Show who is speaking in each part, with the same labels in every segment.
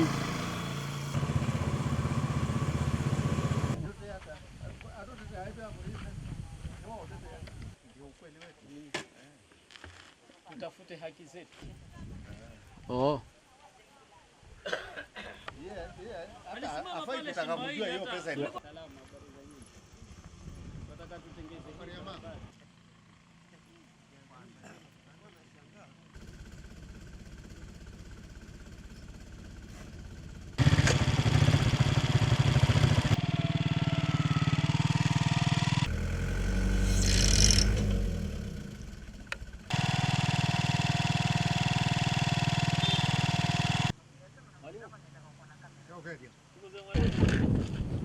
Speaker 1: mm. Tutafute haki zetu. Oh. Hiyo pesa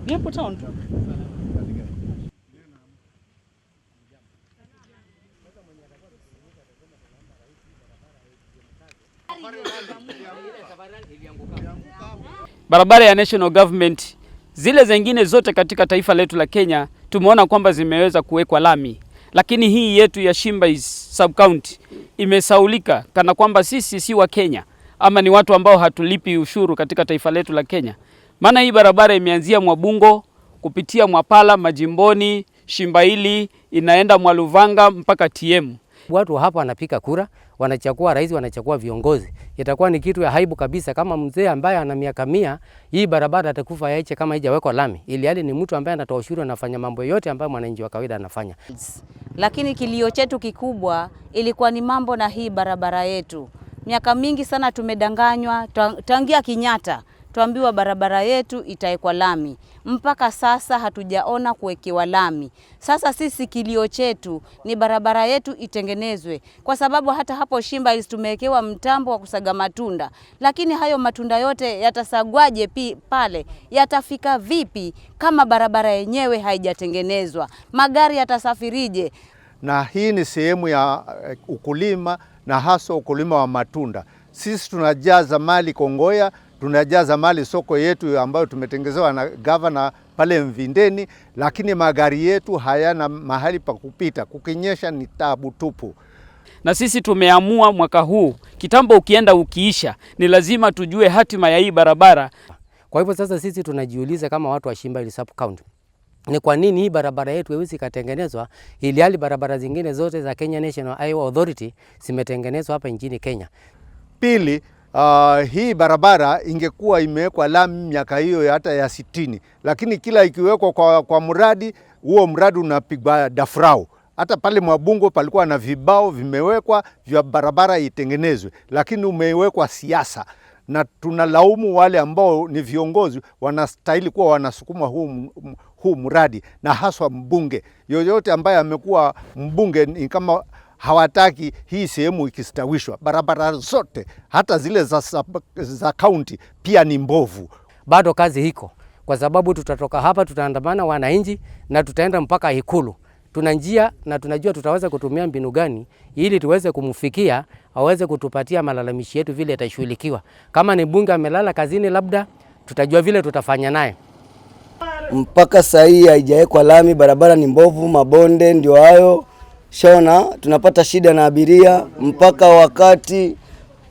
Speaker 1: Nipo town Barabara ya national government, zile zingine zote katika taifa letu la Kenya tumeona kwamba zimeweza kuwekwa lami, lakini hii yetu ya Shimba sub county imesaulika kana kwamba sisi si wa Kenya ama ni watu ambao hatulipi ushuru katika taifa letu la Kenya. Maana hii barabara imeanzia Mwabungo kupitia Mwapala, Majimboni, Shimbaili, inaenda Mwaluvanga mpaka TM.
Speaker 2: Watu hapa wanapika kura, wanachagua rais, wanachagua viongozi. Itakuwa ni kitu ya haibu kabisa kama mzee ambaye ana miaka mia, hii barabara atakufa yaiche kama haijawekwa lami, ili hali ni mtu ambaye anatoa ushuru, anafanya mambo yote ambayo mwananchi wa kawaida anafanya.
Speaker 3: Lakini kilio chetu kikubwa ilikuwa ni mambo na hii barabara yetu. Miaka mingi sana tumedanganywa tangia Kinyata tuambiwa barabara yetu itawekwa lami, mpaka sasa hatujaona kuwekewa lami. Sasa sisi kilio chetu ni barabara yetu itengenezwe, kwa sababu hata hapo Shimba tumewekewa mtambo wa kusaga matunda, lakini hayo matunda yote yatasagwaje pale yatafika vipi kama barabara yenyewe haijatengenezwa? Magari yatasafirije?
Speaker 4: Na hii ni sehemu ya eh, ukulima na hasa ukulima wa matunda. Sisi tunajaza mali Kongoya, tunajaza mali soko yetu ambayo tumetengezewa na gavana pale Mvindeni, lakini magari yetu hayana mahali pa kupita, kukinyesha ni tabu tupu.
Speaker 1: Na sisi tumeamua mwaka huu, kitambo ukienda ukiisha, ni lazima tujue hatima ya hii barabara.
Speaker 2: Kwa hivyo sasa sisi tunajiuliza kama watu wa Shimba Reserve County ni kwa nini hii barabara yetu Weusi katengenezwa ili hali barabara zingine zote za Kenya National Highway Authority zimetengenezwa hapa nchini Kenya.
Speaker 4: Pili, uh, hii barabara ingekuwa imewekwa lami miaka hiyo hata ya sitini, lakini kila ikiwekwa kwa, kwa mradi huo mradi unapigwa dafrau hata pale Mwabungo palikuwa na vibao vimewekwa vya barabara itengenezwe, lakini umewekwa siasa na tunalaumu wale ambao ni viongozi wanastahili kuwa wanasukuma huu, huu mradi na haswa mbunge yoyote ambaye amekuwa mbunge. Ni kama hawataki hii sehemu ikistawishwa, barabara zote hata zile za kaunti pia ni mbovu.
Speaker 2: Bado kazi hiko, kwa sababu tutatoka hapa, tutaandamana wananchi na tutaenda mpaka Ikulu tuna njia na tunajua tutaweza kutumia mbinu gani ili tuweze kumfikia aweze kutupatia malalamishi yetu vile yatashughulikiwa. Kama ni bunge amelala kazini, labda tutajua vile tutafanya naye.
Speaker 5: Mpaka saa hii haijawekwa lami, barabara ni mbovu, mabonde ndio hayo shona, tunapata shida na abiria mpaka wakati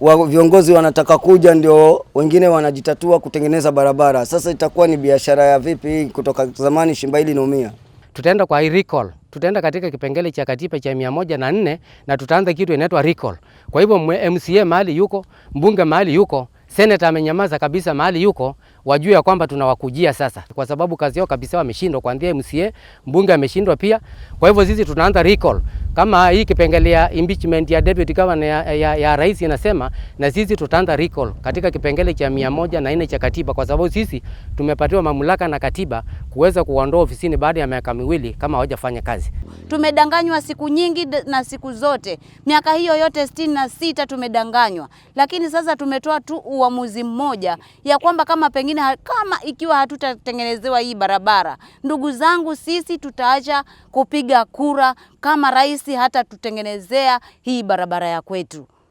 Speaker 5: wa viongozi wanataka kuja ndio wengine wanajitatua kutengeneza barabara. Sasa itakuwa ni biashara ya vipi hii? Kutoka zamani shimba hili naumia
Speaker 2: tutaenda kwa recall, tutaenda katika kipengele cha katiba cha mia moja na nne na tutaanza kitu inaitwa recall. Kwa hivyo MCA mahali yuko, mbunge mahali yuko, seneta amenyamaza kabisa mahali yuko, wajue kwamba tunawakujia sasa, kwa sababu kazi yao kabisa wameshindwa, kuanzia MCA mbunge ameshindwa pia. Kwa hivyo sisi tunaanza recall kama hii kipengele ya impeachment ya deputy governor ya, ya, ya rais inasema, na sisi tutaanza recall katika kipengele cha mia moja na nne cha katiba, kwa sababu sisi tumepatiwa mamlaka na katiba kuweza kuondoa ofisini baada ya miaka miwili kama hawajafanya kazi.
Speaker 3: Tumedanganywa siku nyingi na siku zote, miaka hiyo yote sitini na sita tumedanganywa, lakini sasa tumetoa tu uamuzi mmoja ya kwamba kama pengine mwingine, kama ikiwa hatutatengenezewa hii barabara, ndugu zangu, sisi tutaacha kupiga kura kama rais hata tutengenezea hii barabara ya kwetu.